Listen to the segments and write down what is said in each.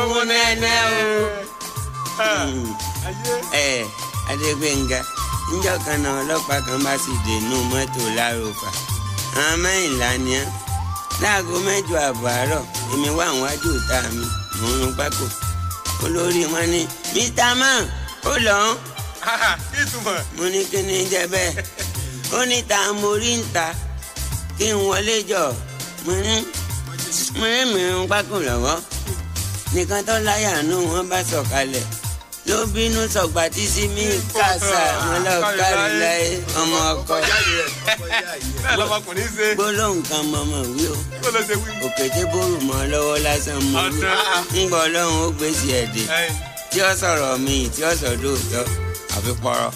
obubunene o. Adégbénga níjọ́ kan náà ọlọ́pàá kan bá sì dènú mọ́tò láròfà àwọn mẹ́rìnlá ni án láago mẹ́jọ èmi wà níwájú mi mò ń pákó olórí wọn ni mr man ó lọ. mo ní kí n nìkan tó láyà nù wọ́n bá sọ̀kalẹ̀ ló bínú sọ̀gbà tí sí mi kàṣà wọn lọ kárí láyé ọmọ ọkọ gbólóhùn kan mọ̀mọ́ wí o òkété bóòrù mọ́ lọ́wọ́ lásán mọ́ wí ń gbọ́ ọlọ́run ó gbèsè ẹ̀dẹ̀ tí ó sọ̀rọ̀ mi tí ó sọ dóòtọ́ àfi pọ̀rọ̀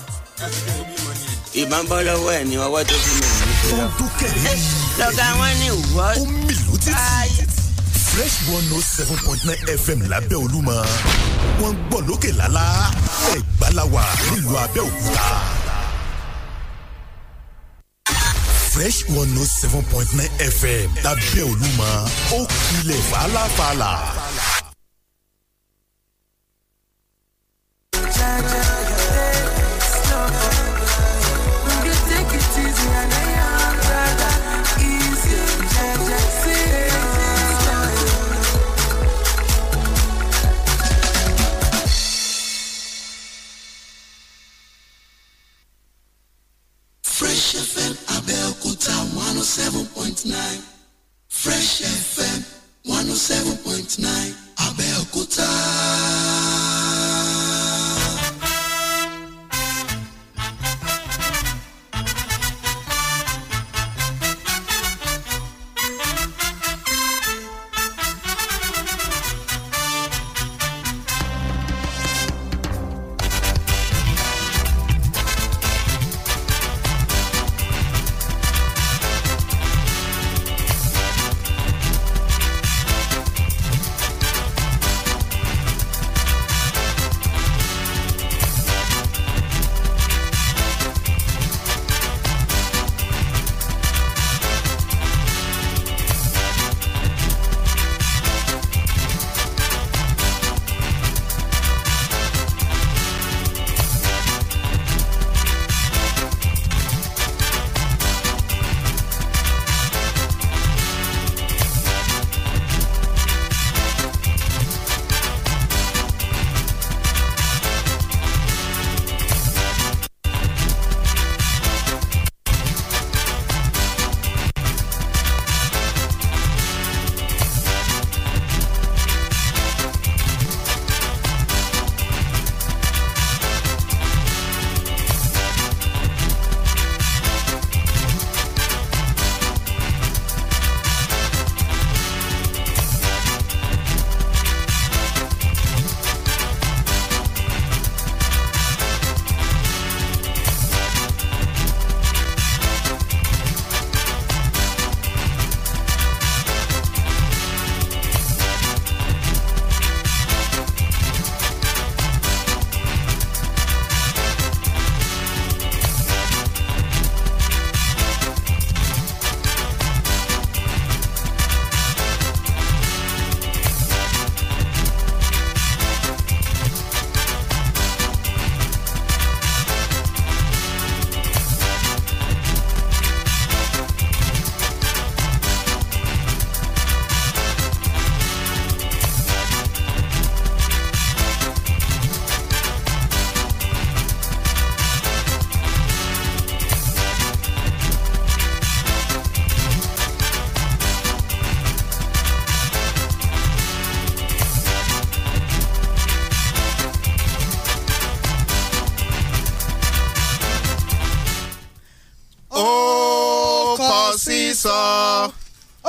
ìbọn bọ́ lọ́wọ́ ẹ̀ ní ọwọ́ tó fi mọ̀ ní kó lọ. lọ́gà wọn ní ìwọ́ báyìí fresh one oh seven point nine fm lábẹ́ olúmọ wọ́n ń gbọ́ lókè lálá ẹ̀gbá nílùú abẹ́òkúta. fresh one oh seven point nine fm lábẹ́ olúmọ ó kilẹ̀ fàlàfàlà.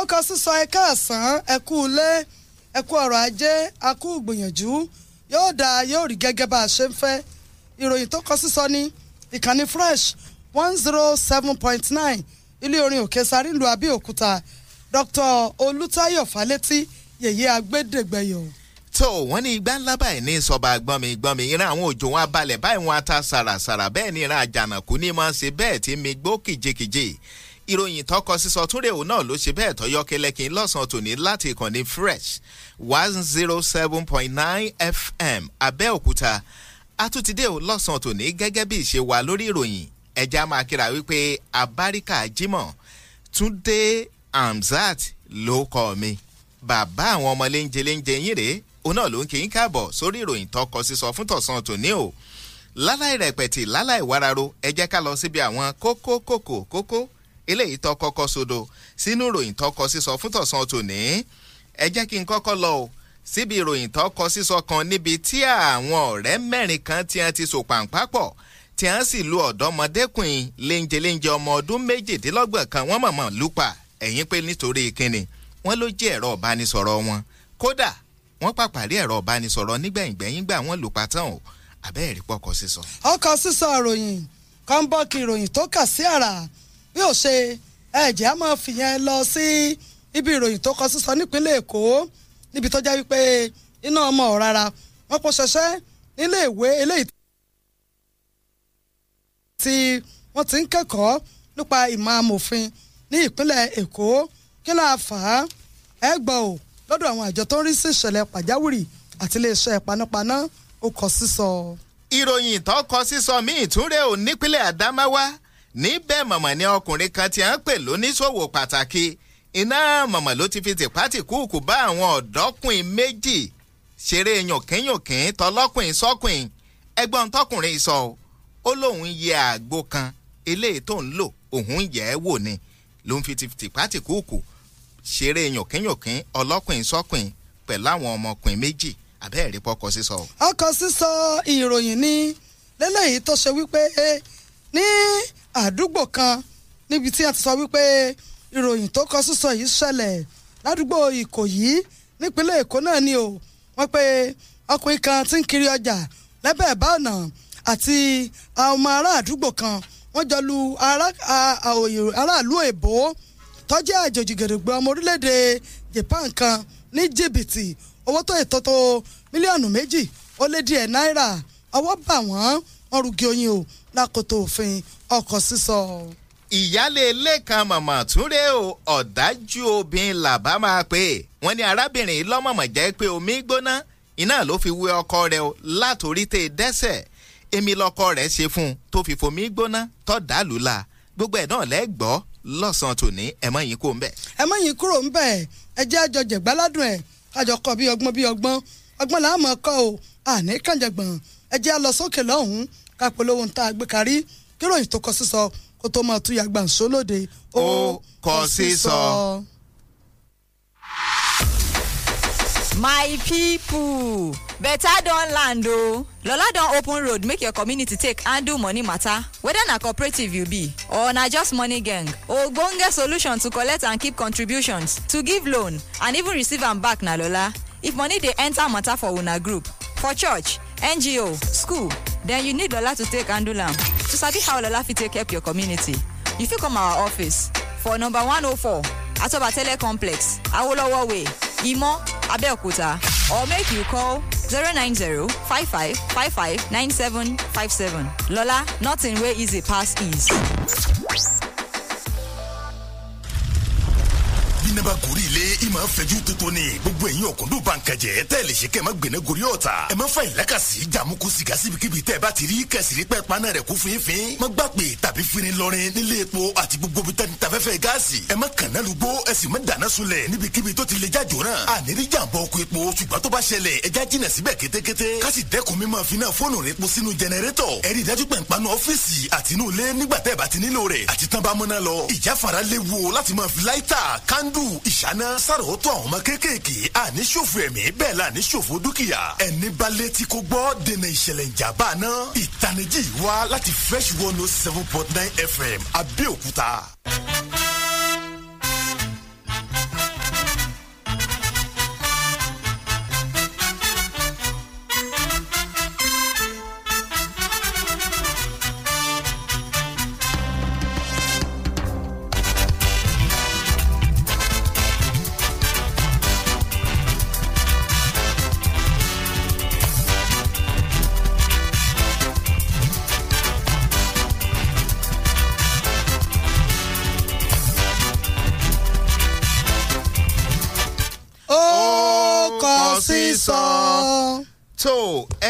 orúkọ sísọ ẹ káàsán ẹ kú ilé ẹ kú ọrọ̀ ajé a kú gbìyànjú yóò dáa yóò rí gẹ́gẹ́ bá a ṣe ń fẹ́ ìròyìn tó kọ sísọ ní ìkànnì fresh one zero seven point nine ilé orin òkè sáré ìlú abẹ́òkúta dr olùtayọ falẹ́tí yèyé agbẹ́dẹ́gbẹ́yọ̀. tó wọ́n ní igbá ńlá báyìí ní sọba gbọ́nmi gbọ́nmi ìran àwọn òjò wọn abalẹ̀ báyìí wọn ata sàràsàrà bẹ́ẹ̀ ni ìran àjànàkú ní máa ṣe bẹ́ẹ̀ tí mi gbó kìjikìji ìròyìn tọkọ sísọ túnrẹ̀ òun náà ló ṣe bẹ́ẹ̀ tọ́yọ́ kẹlẹ́kìn lọ́sàn-án tòní láti ìkànnì fresh one zero seven point nine fm abẹ́òkúta àtúntìdé ò lọ́sàn-án tòní gẹ́gẹ́ bí ìṣe wà lórí ìròyìn ẹja máa kíra wípé abáríkà jimoh túndé hamzat ló kọ́ mi bàbá àwọn ọmọ léńjẹ léńjẹ yín rèé òun náà ló ń kí yín káàbọ̀ sórí ìròyìn tọkọ sísọ fún tọ̀sán tòní o láláì rẹpẹtì láláì wararo ẹ jẹ́ ká lọ síbi àwọn kókó kókó kókó eléyìí tó kọ́kọ́ sodo sínú ìròyìn tó kọ sísọ fún tọ̀sán tòní ẹ jẹ́ kí n kọ́kọ́ lọ o síbi ìròyìn tó kọ sísọ kan níbi tí àwọn ọ̀rẹ́ mẹ́rin kan ti hàn ti sòpàǹpá pọ̀ tí hàn sì lu ọ̀dọ́mọdékùnrin léńjeléńje ọmọ ọdún méjìdínlọ́gbọ̀n kan wọ́n mọ̀mọ́ lùpà ẹ̀yìn pé nítorí kíni wọ́n ló jí ẹ̀rọ ìbánisọ̀rọ̀ wọn kódà wọ́n pàpàrí ẹ̀rọ ìbánisọ̀rọ̀ nígbẹ̀yìngbẹ̀yìn gbà wọ́n lùpà tán o àbẹ́ẹ̀rí pọ̀ kọ sísọ. ọkọ̀ sísọ bí ó ṣe ẹ̀jẹ̀ á máa fìyẹn lọ sí ibi ìròyìn tó kọ sísọ nípínlẹ̀ èkó níbi tó jẹ́ wípé iná ọmọ ọ̀rara wọn kò ṣẹṣẹ́ nílé ìwé eléyìí tí wọ́n ti ń kẹ́kọ̀ọ́ nípa ìmọ̀ amòfin ní ìpínlẹ̀ èkó kí láà fà á ẹ gbọ́ ò lọ́dọ̀ àwọn àjọ tó ń rí sí ìṣẹ̀lẹ̀ pàjáwìrì àti iléeṣẹ́ panápaná ó kọ sísọ. ìròyìn tó kọ sísọ míì tún rèé ò nípínlẹ̀ àdámáwá níbẹ̀ mọ̀mọ̀ ni ọkùnrin kan tí à ń pè lóníṣòwò pàtàkì iná mọ̀mọ̀ ló ti fi tìpátìkúùkù bá àwọn ọ̀dọ́kùnrin méjì ṣeré yànkínyànkín tọlọ́kùnrin sọ́kùnrin ẹgbọ́n tọkùnrin sọ ó lóun yẹ àgbo kan eléyìí tó ń lò òun yẹ ẹ́ wò ni ló ń fi tìpátìkúùkù ṣeré yànkínyànkín ọlọ́kùnrin sọ́kùnrin pẹ̀lú àwọn ọmọkùnrin méjì àbẹ́ẹ̀rí pọkọ sísọ. ọkọ sísọ ìròyìn ni lélẹ́yìí tó ṣe wípé ní àdúgbò kan níbi tí a ti sọ wípé ìròyìn tó kọ sísọ yìí ṣẹlẹ̀ ládùúgbò ìkòyí nípínlẹ̀ èkó náà ni o wọ́n pe ọkùnrin kan tí ń kiri ọjà lẹ́bẹ̀ ẹ̀bá ọ̀nà àti ọmọ ará àdúgbò kan wọ́n jọ lu aráàlú èbó tó jẹ́ àjòjì gèrègbè ọmọ orílẹ̀-èdè Japan kan ní jìbìtì owó tó ètò tó mílíọ̀nù méjì ó lé díẹ̀ náírà ọwọ́ bà wọ́n wọ́n rugi oyin o lákòótó òfin ọkọ̀ sísọ. ìyáálé ilé kan màmá túnde o ọ̀dájú obìnrin làbá máa pè é wọ́n ní arábìnrin lọ́mọ̀mọ̀ jẹ́ pé omi gbóná iná ló fi wé ọkọ rẹ̀ o látòrí dẹ́sẹ̀ èmi lọkọ rẹ̀ ṣe fún un tó fi fomi gbóná tó gbogbo ẹ̀ náà lẹ́gbọ́ lọ́sàn-án tòní kúrò kúrò ẹ jẹ́ àjọjẹ̀ ká polówó ń tá a gbé karí kí ròyìn tó kọ kó tó máa ó kọ my people better don land o lola don open road make your community take handle money matter whether na cooperative you be or na just money gang ogbonge solution to collect and keep contributions to give loan and even receive am back na lola if money dey enter matter for una group for church ngo school then you need Lola to take handle am. To sabi how Lola fit take help your community, you fit come our office for number 104 at Atobatele Complex, Awolowo Way, Imo, Abeokuta, or make you call 90 5555 Lola, nothing way easy pass ease. àkórí ilé ìmọ̀ fẹ́jú tuntun ni gbogbo ẹ̀yin ọ̀kúndùn bànkẹ́jẹ́ tẹ́lẹ̀ ṣe kẹ́ ẹ̀ má gbẹ̀nẹ́ gorí ọ̀tà ẹ̀ má fa ìlàkàsí jàmúkú sìgá síbikíbi tẹ́ ẹ bá ti rí kẹsìrí pẹ́ paná rẹ̀ kú fínfín má gbà pé tàbí fínni lọrin nílé epo àti gbogbo bí tẹ́ni tafẹ́fẹ́ gáàsì ẹ̀ má kànáà lùgbó ẹ̀ sì má dáná sunlẹ̀ níbikíbi tó ti lè jájò náà àníri jàǹbọ̀ ọkọ̀ epo ṣùgbọ́n tó bá ṣẹlẹ̀ ẹ já jìnà síbẹ̀ rí dájú ìṣáná sàròótọ́ àwọn ọmọ kéékèèké àní ṣòfò ẹ̀mí bẹ́ẹ̀ la ní ṣòfò dúkìá ẹni bá létí kó gbọ́ dènà ìṣẹ̀lẹ̀ ìjàmbá náà ìtanijí wá láti fresh one oh seven point nine fm abẹ́òkúta.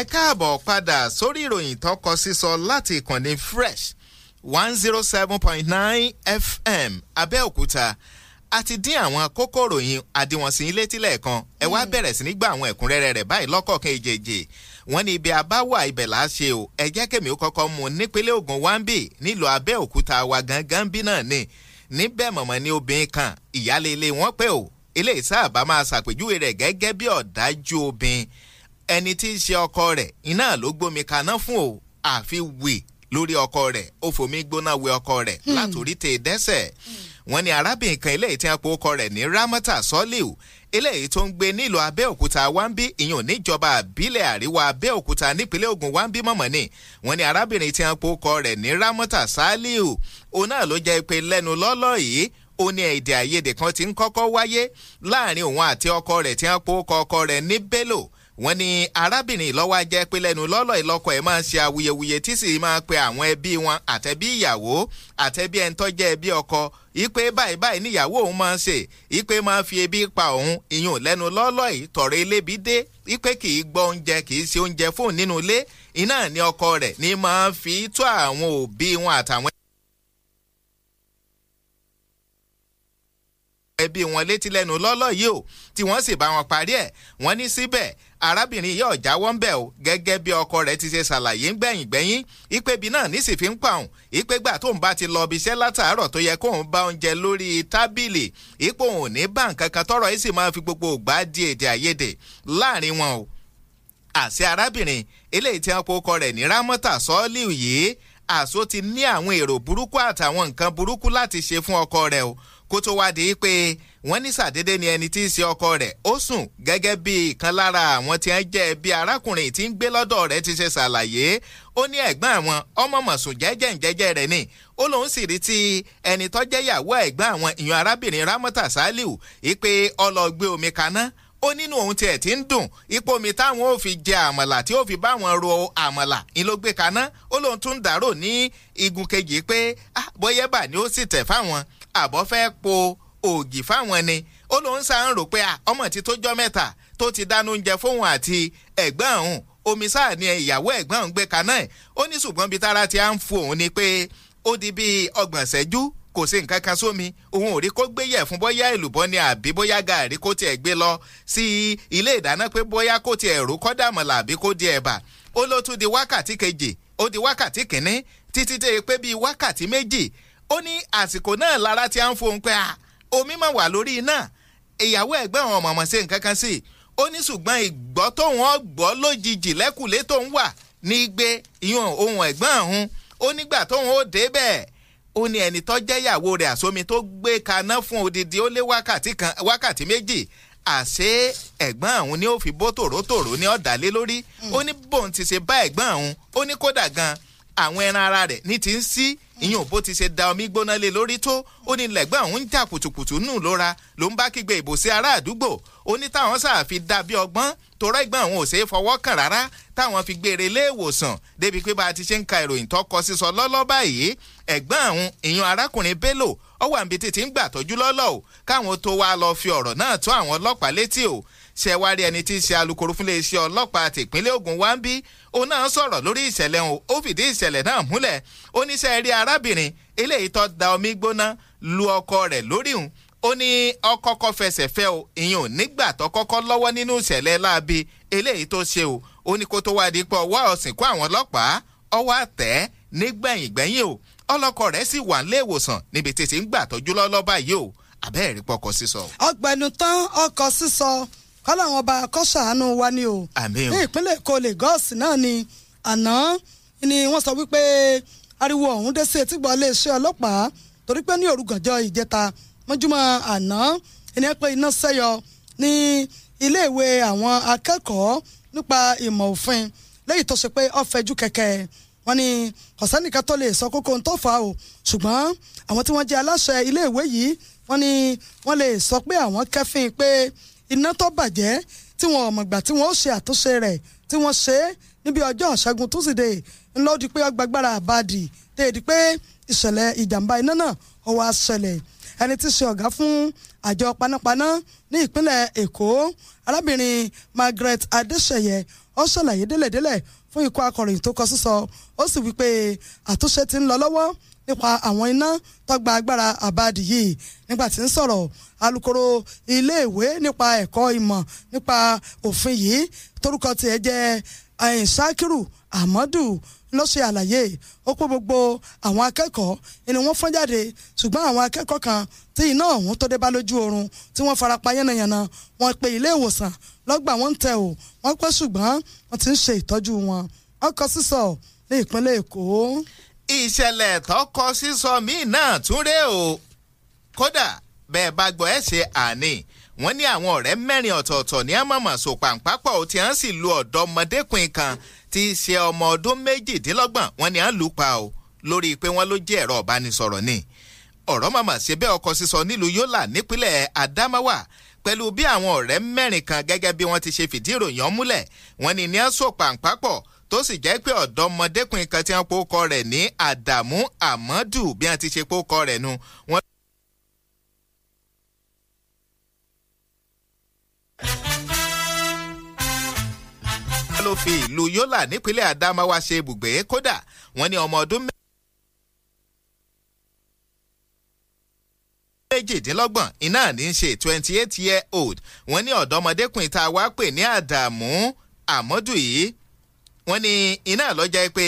ẹ káàbọ̀ padà sórí ìròyìn tọkọ sísọ láti ìkànnì fresh one zero seven point nine fm abẹ́òkúta a ti dín àwọn kókó ròyìn àdìwọ̀nsìn ilé tílẹ̀ kan ẹ wá mm. bẹ̀rẹ̀ sí ní gba àwọn ẹ̀kúnrẹ́rẹ́ rẹ̀ báyìí lọ́kọ̀ọ̀kan èjèèjì wọ́n ní ibi abáwà ibẹ̀ là á ṣe o ẹ jẹ́ kèmí ó kọ́kọ́ mu nípínlẹ̀ Ògùn wambi nílùú Abẹ́òkúta wa gangan bí náà ni níbẹ̀ mọ̀mọ́ ni obìnrin kan ìyáálé ilé wọn pé o ilé ìsáàbá máa ṣàpèjúwe rẹ̀ gẹ́gẹ́ bí ọ̀dájú obìnrin ẹni tí í ṣe ọkọ rẹ̀ iná ló gbómi kaná fún o àfi wè lórí ọkọ rẹ̀ ó fomi gbóná wẹ ọkọ rẹ̀ hmm. látòrí tè dẹ́sẹ̀ hmm. wọ́n ní arábìnrin kan eléyìí tí wọ́n po ọkọ rẹ̀ ní Ramata Soliu eléyìí tó ń gbé nílùú Abẹ́òkúta wáńbí ìyọ̀n níjọba àbílẹ̀ àríwá Abẹ́òkúta nípínlẹ̀ Ògùn wáńbí mọ̀mọ́ ni arábìnrin tí wọ́n po ọkọ rẹ̀ ní Ramata Saliu òun náà ló jẹ́ pé lẹ́nu lọ́lọ́ yìí ó ní èdè àìyedè kan tí ń kọ́kọ́ wáyé láàrin òun àti ọkọ rẹ̀ tí wọ́n po ọkọ rẹ̀ ní Bello wọ́n ní arábìnrin lọ́wọ́ ajẹ́ pé lẹ́nu lọ́lọ́ ìlọ́kọ ẹ̀ máa ń ṣe awuyewuye tí sì máa pe àwọn ẹbí wọn àtẹ̀bí ìyàwó àtẹ̀bí ẹni tó jẹ́ ẹbí ọkọ ìpè báyìí báyìí níyàwó òun máa ń ṣe ìpè máa fi ebi pa òun ìyún lẹ́nu lọ́lọ́ yìí tọ̀rọ̀ elébi dé ìpè kì í gbọ́ oúnjẹ kì í ṣe oúnjẹ fóun nínú ilé iná ní ọkọ rẹ̀ ní máa fi tó àwọn òbí wọn àtàwọn ẹbí wọn létí lẹ́nu lọ́lọ́ yìí o tí wọ́n sì bá wọn parí ẹ̀ wọ́n ní síbẹ̀ arábìnrin yìí ọ̀já wọ́n bẹ̀ o gẹ́gẹ́ bí ọkọ rẹ̀ ti ṣe ṣàlàyé ń gbẹ̀yìn gbẹ̀yìn ìpèbí náà nísì fi ń pàùn ìpègbà tóun bá ti lọ ibiṣẹ́ látàárọ̀ tó yẹ kóun bá oúnjẹ lórí tábìlì ipò òun ní bá nǹkan tọrọ yìí sì máa fi gbogbo ògbà di èdè àìyedè láàrin wọn o àṣẹ arábìnrin eléyìí tí wọn kó kọ rẹ̀ ní rámọ́tà sọ́ọ́lì yìí àṣó ti ní àwọn èrò burúkú àtàwọn nǹkan burúkú láti ṣe fún ọkọ rẹ̀ o kó tó wá di pé wọ́n ní sàdédé ni ẹni tí í ṣe ọkọ rẹ̀ ó sùn gẹ́gẹ́ bí ìkan lára àwọn tí ń jẹ́ bí arákùnrin tí ń gbé lọ́dọ̀ rẹ̀ ti ṣe ṣàlàyé ó ní ẹ̀gbọ́n àwọn ọmọ jẹ́jẹ́ ǹjẹ́jẹ́ rẹ̀ ni ó lóun sì rí ti ẹni tó jẹ́ ìyàwó ẹ̀gbọ́n àwọn ìyọ̀n arábìnrin Ramota Saliu ìpè ọlọ́gbé omi kaná ó nínú ohun tiẹ̀ tí ń dùn ipò mi táwọn ò fi jẹ àmàlà tí ó fi bá wọn ro àmàlà ń kaná ó lóun tún dàrò ní igun kejì pé ah, bóyá bà ni ó sì tẹ̀ fáwọn àbọ̀ fẹ́ po ògì fáwọn ni ó lóun sá ń rò pé ọmọ ti tó jọ́ mẹ́ta tó ti dáná oúnjẹ fóun àti ẹ̀gbọ́n òun omi sáà ni ìyàwó ẹ̀gbọ́n òun gbé kaná ẹ̀ ó ní ṣùgbọ́n bíi tára ti à ń fu òun ni pé ó di bíi ọgbọ̀n ṣẹ́jú kò sí nǹkan kan sómi òun ò rí kó gbé yẹ̀fun bóyá èlùbọ́ ni àbí bóyá gàrí kó tiẹ̀ gbé lọ sí ilé ìdáná pé bóyá kó tiẹ̀ rò kọ́ àbí kó di ẹ̀bà ó ló tún di wákàtí kejì ó di wákàtí kìíní títí dé pé bíi wákàtí méjì ó ní àsìkò náà lára tí a ń fohùn pé omi máa wà lórí iná ìyàwó ẹ̀gbẹ́ wọn mọ̀mọ́ ṣe nǹkan kan sí i ó ní ṣùgbọ́n ìgbọ́ tóun ọgbọ́ lójijì lẹ́kùlé tóun wà ní igbe ìyọ̀n ohun ẹ̀gbọ́n ọ̀hún ó nígbà tóun ó dé bẹ́ẹ̀ ó ní ẹni tó jẹ́ ìyàwó rẹ̀ àsomi tó gbé kaná fún odidi ó lé wákàtí kan wákàtí méjì àṣé ẹ̀gbọ́n ọ̀hún ni ó fi bó tòrótòró ní ọ̀dàlé lórí hmm. ó ní bóun ti ṣe bá ẹ̀gbọ́n ọ̀hún ó ní kódà gan àwọn ẹran ara rẹ̀ ní ti ń sí ìyẹn bó ti ṣe da omi gbóná lé lórí tó ó ní lẹ́gbẹ́ òun ń jà kùtùkùtù nù lóra ló ń bá kígbe ìbò sí ará àdúgbò ó ní táwọn sàfi da bí ọgbọ́n torọ ìgbọ́n òun ò ṣeé fọwọ́ kàn rárá táwọn fi gbére ilé ìwòsàn débi pé bá a ti ṣe ń ka ìròyìn tọkọ sísọ lọ́lọ́ báyìí ẹ̀gbọ́n àwọn ìyẹn arákùnrin Bello ó wà níbi ń gbà tọ́jú lọ́lọ́ ṣe wá rí ẹni tí í ṣe alukoro fún iléeṣẹ́ ọlọ́pàá ti ìpínlẹ̀ Ògùn wá ń bí òun náà sọ̀rọ̀ lórí ìṣẹ̀lẹ̀ òun ó fìdí ìṣẹ̀lẹ̀ náà múlẹ̀ ó ní sẹ́ẹ̀ rí arábìnrin eléyìí tó da omi gbóná lu ọkọ rẹ̀ lórí òun ó ní ọkọ kọ fẹsẹ̀ fẹ́ o ìyẹn ò nígbà tó kọ́kọ́ lọ́wọ́ nínú ìṣẹ̀lẹ̀ láabi eléyìí tó ṣe o ó ní kó tó wá di pé ọwọ́ ọ̀sìn kó àwọn ọlọ́pàá ọwọ́ àtẹ́ nígbẹ̀yìngbẹ̀yìn o ọlọ́kọ rẹ̀ sì wà nílé ìwòsàn níbi tètè ń gbà tọ́jú lọ́lọ́ báyìí o àbẹ́ẹ̀rí pọkọ sísọ. ọgbẹnután ọkọ sísọ kọ́lá àwọn ọba kọ́sàánú wa ni o ní ìpínlẹ̀ èkó Lagos náà ni àná ni wọ́n sọ wípé ariwo ọ̀hún dé sí etígbọ̀ iléeṣẹ́ ọlọ́pàá torí pé ní òru ìjẹta mọ́júmọ́ àná ẹni ẹ pé iná sẹ́yọ ní iléèwé àwọn akẹ́kọ̀ọ́ nípa ìmọ̀ òfin lẹ́yìn tó ṣe pé ó kẹ̀kẹ́ wọ́n ní ọ̀sẹ́nìkan tó lè sọ kókó ń tó fà o ṣùgbọ́n àwọn tí wọ́n jẹ́ aláṣẹ iléèwé yìí wọ́n ní wọ́n lè sọ pé àwọn kẹ́fín pé iná tó bàjẹ́ tí wọn ò mọ̀gbà tí wọn ó ṣe àtúnṣe rẹ̀ tí wọ́n ṣe é níbi ọjọ́ ṣẹ́gun túsídéè ńlọ di pé ọgbàgbára àbádì tèèdì pé ìṣẹ̀lẹ̀ ìjàmbá iná náà ó wá ṣẹlẹ̀ ẹni tí ṣe ọ̀gá fún àjọ panápaná ní ìpínlẹ̀ Èkó arábìnrin Margaret Adéṣeyẹ ó ṣàlàyé délẹ̀délẹ̀ fún ikọ̀ akọ̀ròyìn tó kọ sísọ ó sì wí pé àtúnṣe ti ń lọ lọ́wọ́ nípa àwọn iná tó gba agbára àbádì yìí nígbà tí ń sọ̀rọ̀ alukoro iléèwé nípa ẹ̀kọ́ ìmọ̀ nípa òfin yìí torúkọ tiẹ̀ jẹ́ Sakiru Amadu ló ṣe àlàyé ó pé gbogbo àwọn akẹ́kọ̀ọ́ ni wọ́n fọ́n jáde ṣùgbọ́n àwọn akẹ́kọ̀ọ́ kan tí iná ọ̀hún tó dé bá lójú oorun tí wọ́n fara pa yánnayànna wọ́n pe ilé ìwòsàn lọ́gbà wọ́n ń tẹ̀ ò wọ́n pẹ́ ṣùgbọ́n wọ́n ti ń ṣe ìtọ́jú wọn wọ́n sísọ ní ìpínlẹ̀ Èkó ìṣẹ̀lẹ̀ tọkọ sísọ míì náà tún ré o kódà bẹ́ẹ̀ bá gbọ́ ẹ̀ ṣe àní wọ́n ní àwọn ọ̀rẹ́ mẹ́rin ọ̀tọ̀ọ̀tọ̀ ní àmọ̀mọ̀ sòpàǹpápọ̀ tí wọ́n sì lu ọ̀dọ́mọdékùnrin kan tí ṣe ọmọ ọdún méjìdínlọ́gbọ̀n wọ́n ní à ń lù pa o lórí pé wọ́n ló jẹ́ ẹ̀rọ ìbánisọ̀rọ̀ ni ọ̀rọ̀ màmá ṣe bẹ́ẹ̀ ọkọ̀ sísọ nílùú Yólà nípínlẹ̀ Adamawa pẹ̀lú bí àwọn ọ̀rẹ́ mẹ́rin kan gẹ́gẹ́ bí wọ́n ti ṣe fìdí ìròyìn ọ̀hún wọ́n ní ní à ń sòpàǹpápọ̀ tó sì jẹ́ pé ọ̀dọ́mọdékùnrin kan tí wọ́n po kọ rẹ̀ ní Àdàmú Àmọ́dù bí wọ́n ti ṣe po kọ rẹ̀ nu ló fi ìlú Yólà nípínlẹ̀ Adamawa ṣe ibùgbé kódà wọ́n ní ọmọ ọdún mẹ́rin. méjìdínlọ́gbọ̀n iná ní ṣe twenty eight year old wọ́n ní ọ̀dọ́mọdékùnrin tá a wá pè ní Àdàmú Àmọ́dù yìí wọ́n ní iná lọ́jà pé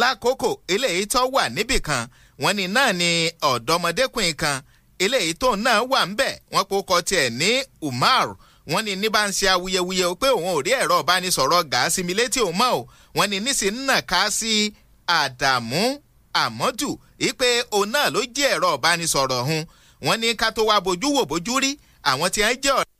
lákòókò eléyìí tó wà níbì kan wọ́n ní náà ni ọ̀dọ́mọdékùnrin kan eléyìí tó náà wà ń bẹ̀ wọ́n kó kọ tiẹ̀ ní Umar wọ́n ní ní bá ń ṣe awuyewuye pé òun ò rí ẹ̀rọ ìbánisọ̀rọ̀ gàásì mi létí òun mọ́ o wọ́n ní níṣì ń nà ká sí Àdàmú Àmọ́dù ipe òun náà ló jí ẹ̀rọ ìbánisọ̀rọ̀ ọ̀hún wọ́n ní ká tó wá bojú wò bojú rí àwọn tí wọ́n jẹ́ ọ̀rẹ́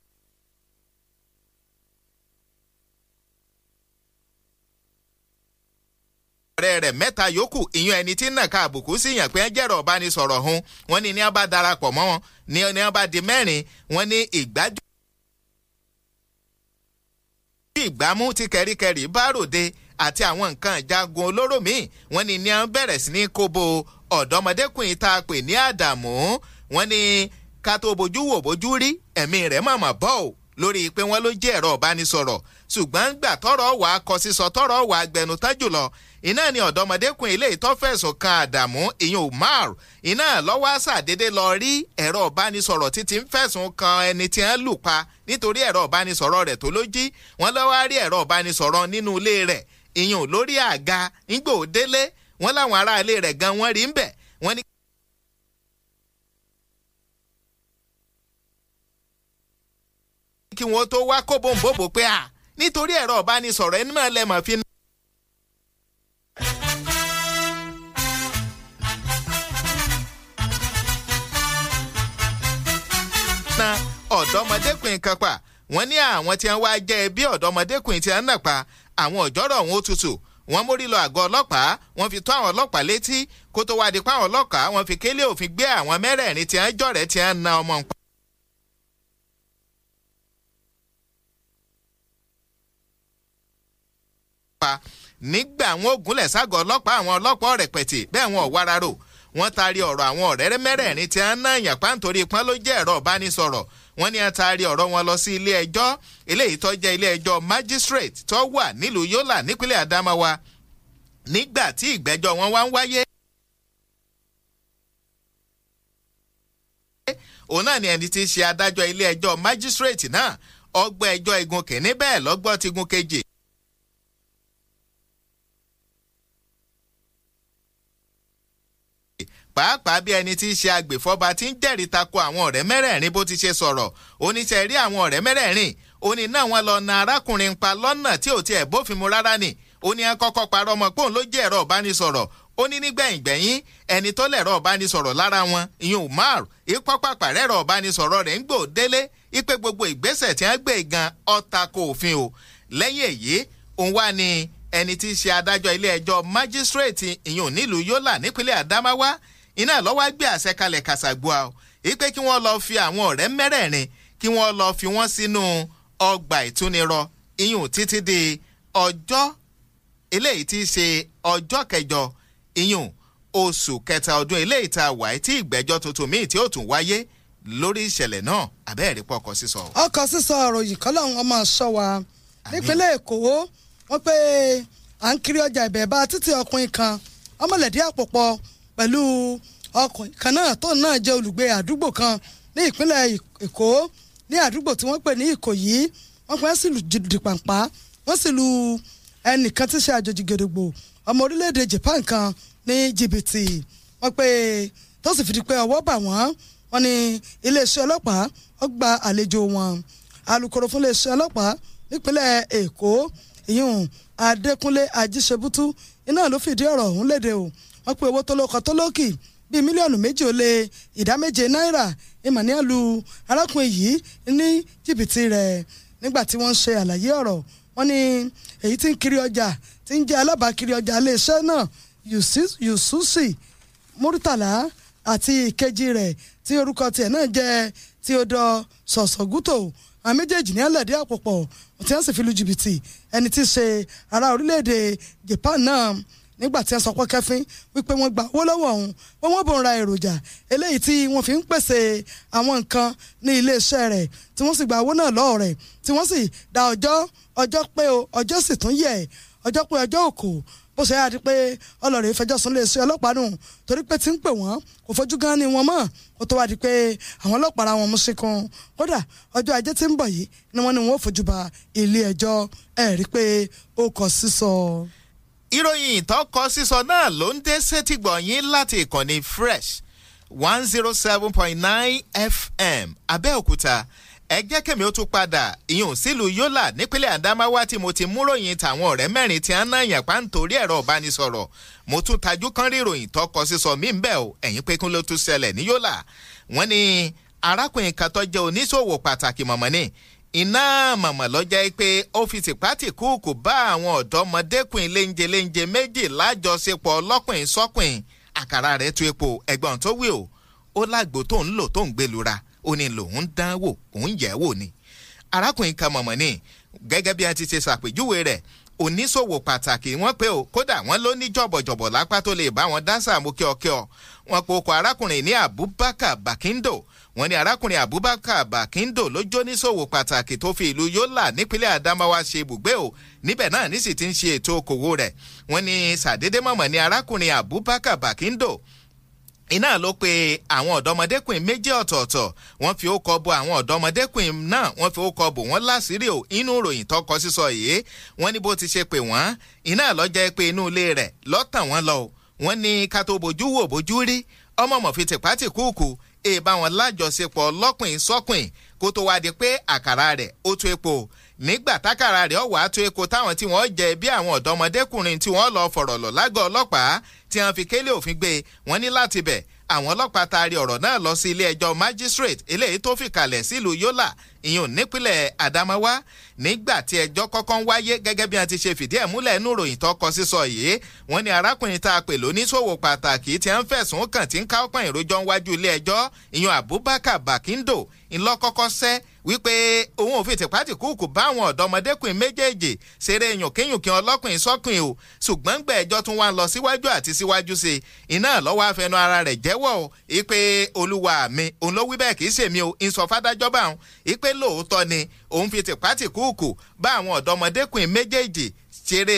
ọ̀rẹ́ rẹ̀ mẹ́ta yòókù ìyún ẹni tí nàka àbùkù sí yàn pé ń jẹ́rọ̀ ọ̀bánisọ̀rọ̀ hun wọ́n ní ní a bá darapọ̀ mọ́ wọn ní wọ́n bá di mẹ́rin wọ́n ní ìgbájú. bí ìgbámú ti kẹ̀ríkẹ̀rí bá ròde àti àwọn nǹkan ìjagun olóró míì wọ́n ní ní wọ́n bẹ̀rẹ̀ sí ní kóbo ọ̀dọ́mọdékùnrin tá a pè ní àdàmú wọ́n ní ká tó bojú wò bojú rí ẹ̀mí rẹ̀ màmá bọ́ ò lórí pé wọ́n ló jẹ́ ẹ̀rọ ọ̀bánisọ̀rọ̀ ṣùgbọ́n gbà tọ́rọ̀ wà kọ sísọ tọ́rọ̀ wà gbẹnu tán jùlọ iná ni ọ̀dọ́mọdékùn eléyìí tó fẹ̀sùn kan àdàmú ìyẹn umar iná lọ́wọ́ àṣàdédé lọ rí ẹ̀rọ ìbánisọ̀rọ̀ títí ń fẹ̀sùn kan ẹni tí wọ́n lù pa nítorí ẹ̀rọ ìbánisọ̀rọ̀ rẹ̀ tó ló jí wọ́n lọ́wọ́ rí ẹ̀rọ ìbánisọ̀rọ̀ nínú ilé rẹ̀ ìyẹn lórí àga ńgbò délé wọ́n láwọn ará ilé rẹ̀ gan wọ́n rí ń bẹ̀ wọ́n ní kí wọ́n tó wá kóbóǹbóbò pé à nítorí ẹ̀rọ ìbánisọ̀rọ̀ ẹni mọ̀ lẹ́mọ̀ fi ń ọ̀dọ́mọdékùnrin kan pa wọ́n ní àwọn tí wọ́n wá jẹ́ ẹbí ọ̀dọ́mọdékùnrin tí wọ́n náà pa àwọn ọ̀jọ́rọ̀ wọn ó tutù wọ́n mórí lọ àgọ́ ọlọ́pàá wọ́n fi tó àwọn ọlọ́pàá létí kó tó wá pa àwọn ọlọ́pàá wọ́n fi kélé òfin gbé àwọn mẹ́rẹ̀ẹ̀rin tí wọ́n jọ̀rẹ́ tí wọ́n na ọmọ nǹkan. pa nígbà wọn ògúnlẹ̀ ságọ̀ ọlọ́pàá àwọn ọlọ́pàá rẹpẹtẹ bẹ́ẹ̀ wọn ò wára rò wọ́n taari ọ̀rọ̀ àwọn ọ̀rẹ́ mẹ́rẹ̀ẹ̀rin tí wọ́n náà yàn pa pọ́n ló jẹ́ ẹ̀rọ ìbánisọ̀rọ̀ wọ́n ní àtàrí ọ̀rọ̀ wọn lọ sí ilé ẹjọ́ eléyìí tó jẹ́ ilé ẹjọ́ magistrate tó wà nílùú Yola nípínlẹ̀ Adamawa nígbà tí ìgbẹ́jọ́ wọn wá ń wáyé. òun náà ni ẹni tí í ṣe adájọ́ ilé ẹjọ́ magistrate náà ọgbọ́n ẹjọ́ igun kìíní bẹ́ẹ̀ lọ́gbọ́ ti gun kejì. pàápàá bí ẹni tí í ṣe agbèfọ́ba ti ń jẹ́rìí tako àwọn ọ̀rẹ́ mẹ́rẹ̀ẹ̀rin bó ti ṣe sọ̀rọ̀ oníṣẹ́ rí àwọn ọ̀rẹ́ mẹ́rẹ̀ẹ̀rin ó náà wọn lọ na arákùnrin pa lọ́nà tí ò tiẹ̀ bófin mu rárá ni ó ní akọ́kọ́ parọ́ ọmọ pòun ló jẹ́ ẹ̀rọ ìbánisọ̀rọ̀ ó ní nígbẹ̀yìngbẹ̀yìn ẹni tó lẹ̀rọ ìbánisọ̀rọ̀ lára wọn ìyún Umar ìpọ́pàpà rẹ̀rọ ìbánisọ̀rọ̀ rẹ̀ ń gbò délé ipe gbogbo ìgbésẹ̀ tí wọ́n gbé gan ọ̀ta kò òfin o lẹ́yìn èyí òun wá ní ẹni tí í ṣe adájọ́ ilé ẹjọ́ májísírèètì ìyún nílùú Yọ́là nípínlẹ̀ Adamawa iná lọ́wọ́ gbé àṣẹ kalẹ̀ kàṣàgbọ́à o ìpè kí wọ́n lọ fi àwọn ọ̀rẹ́ mẹ́rẹ̀ẹ̀rin kí wọ́n lọ fi wọ́n sínú ọgbà ìtúnirọ iyùn títí di ọjọ́ eléyìí ti ṣe ọjọ́ kẹjọ iyùn oṣù kẹta ọdún eléyìí tá a wà tí ìgbẹ́jọ́ tuntun míì tí ó tún wáyé lórí ìṣẹ̀lẹ̀ náà abẹ́ẹ̀rí pọ̀ ọkọ̀ sísọ. ọkọ̀ sísọ ọ̀rọ̀ yìí kọ́ lọ́hún ọmọ ṣọ́ wa nípínlẹ̀ èkó wọ́n pé à ń kiri ọjà ìbẹ̀bà títí ọkùnrin kan ọmọlẹ̀dí àpòpọ̀ pẹ̀lú ọkùnrin kan náà tó náà jẹ́ olùgbé àdúgbò kan ní ìpínlẹ̀ èkó ní àdúgbò tí wọ́n pè ní ìkòyí wọ́n pẹ́ sí lu dìpàǹpá wọ́n sì lu ẹnìkan tí ṣe àjòjì gèdògbò ọmọ orílẹ̀-èdè Japan kan ní jìbìtì wọ́n pé tó sì fi di pé ọwọ́ bà wọ́n wọ́n ní iléeṣẹ́ ọlọ́pàá wọ́n gba àlejò wọn alukoro fún iléeṣẹ́ ọlọ́pàá nípínlẹ̀ èkó ìyún Adékúnlé Ajíṣebútú iná ló fìdí ọ̀rọ̀ ọ̀hún léde o wọ́n pe owó tó lóko tó lókì bíi mílíọ̀nù méjì ó lé ìdá méje náírà emmanuel lu arákùnrin yìí ní jìbìtì rẹ̀ nígbà tí wọ́n ń ṣe àlàyé ọ̀rọ̀ wọ́n ní èyí tí ń kiri ọjà tí ń jẹ́ alábàákiri ọjà iléeṣẹ́ náà yususi muritala àti ìkejì rẹ̀ tí orúkọ tiẹ̀ náà jẹ́ theodore sọ̀sọ̀gútò àwọn méjèèjì ní ẹlẹ́dí àpòpọ̀ tí wọ́n sì fi lu jìbìtì ẹni tí í ṣe ará orílẹ̀-èdè japan náà nígbà tí ẹ sọ pé kẹfín wípé wọ́n gba owó lọ́wọ́ òun wọ́n wọ́n bò ń ra èròjà eléyìí tí wọ́n fi ń pèsè àwọn nǹkan ní iléeṣẹ́ rẹ̀ tí wọ́n sì gba owó náà lọ́wọ́ rẹ̀ tí wọ́n sì da ọjọ́ ọjọ́ pé o ọjọ́ sì tún yẹ ọjọ́ pé ọjọ́ òkò bó ṣe yára di pé ọlọ́rẹ̀ ìfẹjọ́ sùn lè ṣe nù torí pé tí ń pè wọ́n kò fojú gan ni wọ́n mọ̀ kó tó wá di pé àwọn ọlọ́pàá ara wọn mú sí kan kódà ọjọ́ ajé tí ń bọ̀ yìí ni wọ́n ní wọ́n fojú ba ilé ẹjọ́ ẹ̀ rí pé ó kọ sísọ ìròyìn ìtọ́kọ sísọ náà ló ń dé sétígbọ̀nyín láti ìkànnì fresh one zero seven point nine fm abẹ́òkúta ẹ jẹ́ kẹ́mi ó tún padà ìyún sílùú yọ́là nípínlẹ̀ àdámáwá tí mo ti mú ròyìn tàwọn ọ̀rẹ́ mẹ́rin tí a ń náyàn pa ń torí ẹ̀rọ ìbánisọ̀rọ̀ mo tún tajú kan rí ìròyìn tọkọ sísọ mí ń bẹ̀ o ẹ̀yìn pé ló tún ṣẹlẹ̀ ní yọ́là wọ́n ní arákùnrin kan tó jẹ́ oníṣòwò pàtàkì mọ̀mọ́ ni iná màmá lọ́jà yìí pé ó fi tìpátìkúùkù bá àwọn ọ̀dọ́mọdékùn léńjẹ léńjẹ méjì lájọṣepọ̀ ọlọ́pìn sọ́pìn àkàrà rẹ̀ tu epo ẹ̀gbọ́n tó wí o ó lágbo tó ń lò tó ń gbèlúra ó ní lòun dán wò òun yẹ̀ wò ni arákùnrin kan mọ̀mọ́ ni gẹ́gẹ́ bí a ti ṣe ṣàpèjúwe rẹ̀ oníṣòwò pàtàkì wọ́n pé o kódà wọ́n ló ní jọ̀bọ̀jọ̀bọ̀ lápá tó lè bá wọn dáńsà mú kíọkíọ wọ́n pe okò arákùnrin ní Abubakar Bakindo wọ́n ní arákùnrin Abubakar Bakindo ló jó níṣòwò pàtàkì tó fi ìlú Yola nípínlẹ̀ Adamawa ṣe ibùgbé o níbẹ̀ náà nísì ti ń ṣe ètò okòwò rẹ̀ wọ́n ní sàdédé mọ̀mọ́ ní arákùnrin Abubakar Bakindo iná ló pe àwọn ọ̀dọ́mọdékùnrin méjì ọ̀tọ̀ọ̀tọ̀ wọ́n fi ó kọ bo àwọn ọ̀dọ́mọdékùnrin náà wọ́n fi ó kọ bò wọ́n láṣìírí ò inú ròyìn tọkọ sísọ yìí wọ́n ní bó ti ṣe pè wọ́n iná ló jẹ́ pé inú ilé rẹ̀ lọ́tàn wọ́n lọ wọ́n ní ká tó bójú wò bójú rí ọmọ mọ̀fi tìpátì kúùkù èèbá wọn lájọṣepọ̀ lọ́kùnrin sọ́kùnrin kó tó wá di pé àkàrà rẹ̀ ó tó epo nígbà tákàrà rẹ̀ ọ̀wà tó eko táwọn tí wọ́n jẹ bí àwọn ọ̀dọ́mọdékùnrin tí wọ́n lọ fọ̀rọ̀ lọ lágọ̀ọ́ ọlọ́pàá tí wọ́n fi kélé òfin gbé wọ́n ní láti bẹ̀ àwọn ọlọ́pàá taari ọ̀rọ̀ náà lọ sí ilé ẹjọ́ magistrate eléyìí tó fìkàlẹ̀ sílùú Yólà ìyún nípínlẹ̀ Adamawa nígbà tí ẹjọ́ kọ́kọ́ ń wáyé gẹ́gẹ́ bí wọ́n ti ṣe fìdí ẹ̀ múlẹ̀ nú ròyìn tó kọ sísọ yìí wọ́n ní arákùnrin tá a pè lóníṣòwò pàtàkì tí wọ́n fẹ̀sùn kàn tí ń ká ọ̀pọ̀ ìròjọ́ níwájú ilé ẹjọ́ ìyún Abubakar Bakindo ńlọ́kọ́kọ́ sẹ́ wípé òun ò fi tìpátì kúùkù bá àwọn ọ̀dọ́mọdékùnrin méjèèjì ṣeré yùnkíyùnkín ọlọ́kùnrin sọ́kùnrin o ṣùgbọ́n gbẹ̀ẹ́jọ́ tún wá lọ síwájú àti síwájú sí i iná lọ́wọ́ afẹnu ara rẹ̀ jẹ́wọ́ o ìpè olúwa mi òun ló wí bẹ́ẹ̀ kì í ṣèmi o ń bá òun ìpè lóòótọ́ ni òun fi tìpátìkúùkù bá àwọn ọ̀dọ́mọdékùnrin méjèèjì ṣeré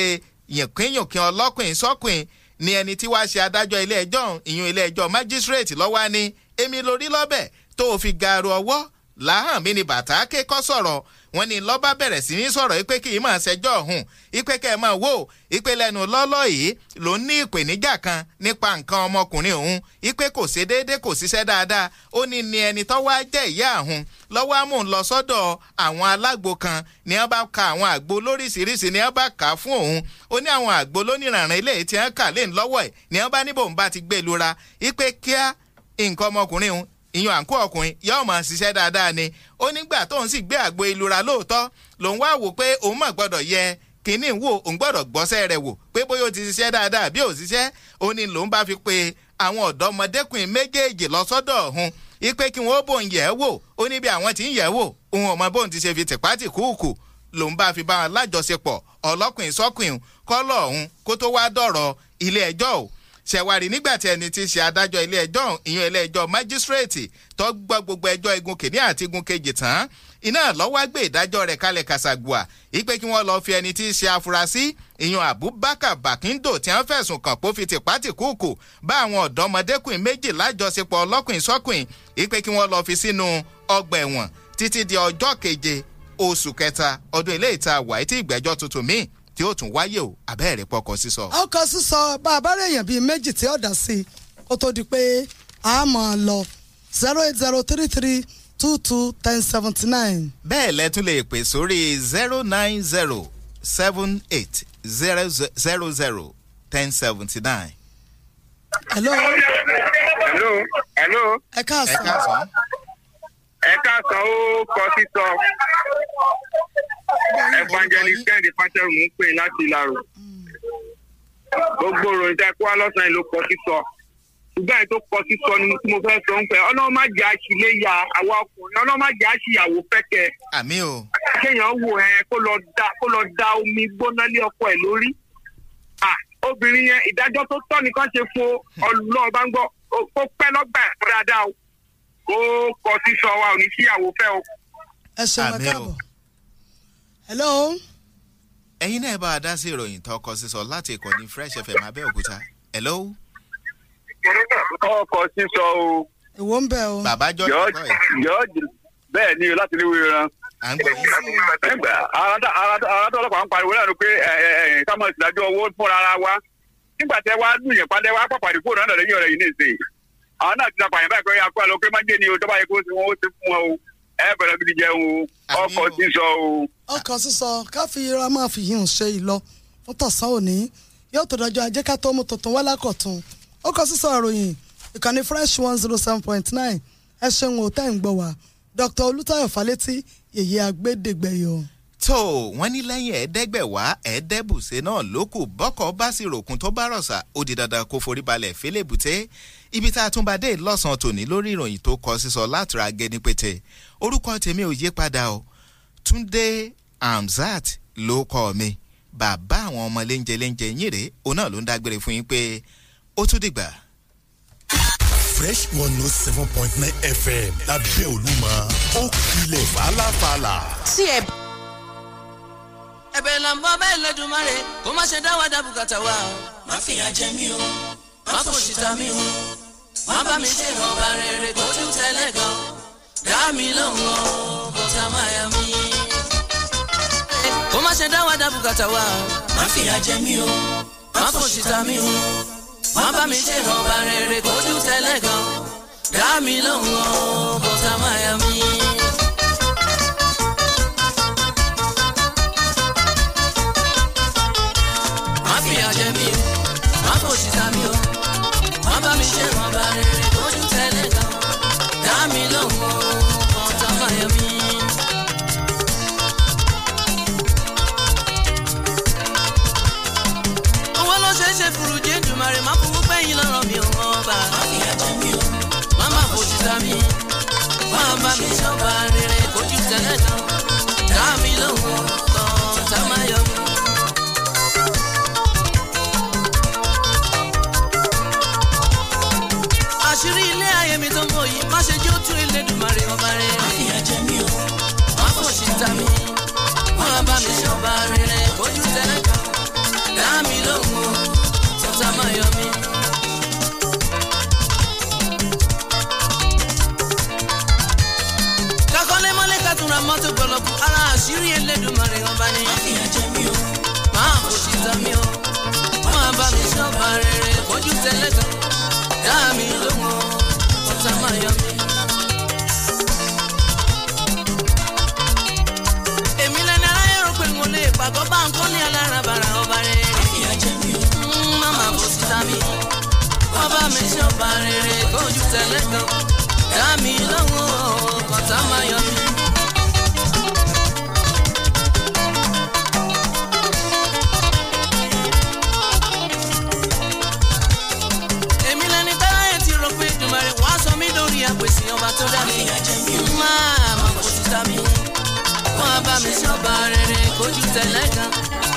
yìnkínyìnkín ọlọ́kùnrin sọ́kùnrin ni ẹni tí wàá ṣe adájọ́ ilé ẹjọ́ ìyún ilé ẹjọ́ májísírèètì lọ́wọ́ ni èmi lórí lọ́bẹ̀ tó o fi gaaru ọwọ́ làhàn mi ni bàtà kékọ́ sọ̀rọ̀ wọ́n ní lọ́ba bẹ̀rẹ̀ sí ní sọ̀rọ̀ yìí pé kì í máa ṣẹjọ́ ọ̀hún ipe kẹ́ ẹ máa wò ó ipe lẹ́nu lọ́lọ́ yìí ló ní ìpèníjà kan nípa nǹkan ọmọkùnrin òun ipe kò ṣe déédé kò ṣiṣẹ́ dáadáa ó ní ni ẹni tó wá jẹ́ ìyá àhún lọ́wọ́ àmú ń lọ sọ́dọ̀ àwọn alágbo kan ni wọ́n bá ka àwọn àgbo lóríṣiríṣi ni wọ́n bá kà á fún òun ó ní àwọn àgbo lóníranran ilé ni wọ́n bá níbò ń bá ìyọ̀n àǹkó ọkùnrin yóò máa ṣiṣẹ́ dáadáa ni ó nígbà tóun sì gbé àgbo ìlura lóòótọ́ lòun wá wò pé òun mọ̀ gbọ́dọ̀ yẹ kínní wò òun gbọ́dọ̀ gbọ́sẹ̀ rẹ̀ wò pé bóyá ó ti ṣiṣẹ́ dáadáa bí ò ṣiṣẹ́ ó ní lòun bá fi pe àwọn ọ̀dọ́mọdékùnrin méjèèjì lọ sọ́dọ̀ ọ̀hún ipe kí wọ́n bòun yẹ̀ ẹ́ wò ó ní bí àwọn ti ń yẹ̀ ẹ́ wò òun ọmọ bóun ti ṣe fi tìpátì kúùkù lòun bá fi bá wọn lájọṣepọ̀ ọlọ́kùnrin sọ́kùnrin kọ́lọ̀ ọ̀hún kó tó wá dọ̀rọ̀ ilé ẹjọ́ ò ṣẹ̀wárì nígbà tí ẹni tí í ṣe adájọ́ ilé ẹjọ́ ìyẹn ilé ẹjọ́ májísírèètì tó gbọ́ gbogbo ẹjọ́ igun kìíní àti igun kejì tán iná lọ́wọ́ gbé ìdájọ́ rẹ̀ kalẹ̀ kàṣàgùà ìpè kí wọ́n lọ́ọ́ fi ẹni tí í ṣe afurasí ìyọ̀n Abubakar Bakindo tí wọ́n fẹ̀sùn kàn pó fi tìpátìkúùkù bá àwọn ọ̀dọ́mọdékùnrin méjì lájọṣepọ̀ ọlọ́kùnrin sọ́kùnrin ìpè kí wọ́n lọ́ọ́ fi sínú ọgbà ẹ̀wọ̀n títí di ọjọ́ keje oṣù kẹta ọdún ilé ìta wàá tí ìgbẹ́jọ́ tuntun míì tí ó tún wáyé o àbẹ́ẹ̀rẹ̀ pọkọ sísọ. ọkọ sísọ bàbá rẹ èèyàn bíi méjì tí ó dá sí i kó tó di pé a mọ̀ ọ́ lọ zero eight zero three three two two ten seventy nine. bẹ́ẹ̀ lẹ tún lè pè sórí zero nine zero seven eight zero zero zero ten seventy nine. hello. hello. hello. ẹ káàsán. ẹ káàsán. ẹ káàsán kọ sísọ evangelist kẹ́hìndé pátẹ́rù mú láti ìlàrò gbogbo ìròyìn tẹ kó wá lọ́sàn-án kọ sísọ ṣùgbọ́n tó kọ sísọ ni mo fẹ́ sọ ń pẹ́ àṣìléyà àwa ọkùnrin àṣìyàwó ọkọ ẹ lórí obìnrin yẹn ìdájọ́ tó tọ́ nìkan hmm. ń gbọ́ kó pẹ́ ó kọ wa ò ní síyàwó fẹ́ o. ẹ káàbọ̀ hello. náà bá a dá sí ìròyìn tó kọ láti ìkànnì fresh fm abẹ́òkúta hello. o. ìwọ ń o. bàbá George ni o láti ran ara tó ọlọ́pàá pariwo lẹ́nu pé owó fúnra wa nígbà tẹ wá dùn yẹn wá pàpàdé fóònù lẹ́yìn ọ̀rẹ́ yìí àwọn náà ti na pààyàn báyìí kọ́ ya kó àlọ́ pé má dé ni o tó bá yẹ kó ṣe wọn ó ṣe fún wọn o ẹ bẹ̀rẹ̀ gidi jẹun o ọkọ̀ sísọ o. ọkọ̀ sísọ káfí ra máa fi yín ṣe ìlọ fún tọ̀sán òní yóò tó dájọ́ ajé ká tó mú tuntun wá lákọ̀tún ọkọ̀ sísọ ìròyìn ìkànnì fresh one zero seven point nine ẹ ṣeun ò tẹ́ ń gbọ́ wá Dr. Olùtayọ̀ Fálétí yèyé agbẹ́dẹ́gbẹ́yọ̀ tó wọ́n ní lẹ́yìn ẹ̀ẹ́dẹ́gbẹ̀wá ẹ̀ẹ́dẹ́bùsẹ̀ náà ló kù bọ́kọ̀ bá sì ròkun tó bá rọ̀ṣà ó di dandan kó forí balẹ̀ fẹlẹ́bùtẹ́ ibi tá a tún bá dé lọ́sàn-án tòní lórí ìròyìn tó kọ sísọ látara gẹnipẹtẹ orúkọ tèmi ò yé padà o Túndé Hamzat ló kọ mi bàbá àwọn ọmọ léńjẹ léńjẹ yín rèé òun náà ló ń dágbére fún yín pé ó tún dìgbà. Fresh one note oh seven point nine FM lábẹ́ Olúmọ ó kilẹ̀ fàlàfàlà. tí ẹ bá ẹ̀bẹ̀ là ń bọ́ bẹ́ẹ̀ lẹ́dùnmáre kó má ṣe dá wa wa má fìyà jẹ mí o má fòṣìta mí o má bá mi ṣe ọba rere tó tún tẹ́lẹ̀ gan dá mi lóhùn o bọ́tà má yà mí. kó má ṣe dá wa wa má fìyà jẹ mí o má fòṣìta mí o má bá mi ṣe ọba rere tó tún tẹ́lẹ̀ gan dá mi lóhùn o bọ́tà má yà mí. na na na. fẹ́ tún ra mọ́tò gbọlọ́kù ara àṣírí Elédùmarè ọba ni. má fìyà jẹ mí o. máa kò sì tọ́ mi o. wọ́n máa bá mi ṣọ́ọ̀bà rere kójú tẹ́lẹ̀tọ̀. dá mi lóhùn ọ̀tá máa yọ mí. èmi lẹni aráyé rò pé mo lè pàgọ́ bá ń kọ́ ní alárabàrà ọba rere. má fìyà kò sì tọ́ mi wọ́n bá mi ṣọ́ọ̀bà rere kójú tẹ́lẹ̀tọ̀. dá mi lóhùn ọ̀tá máa yọ mí. ki zanaj an.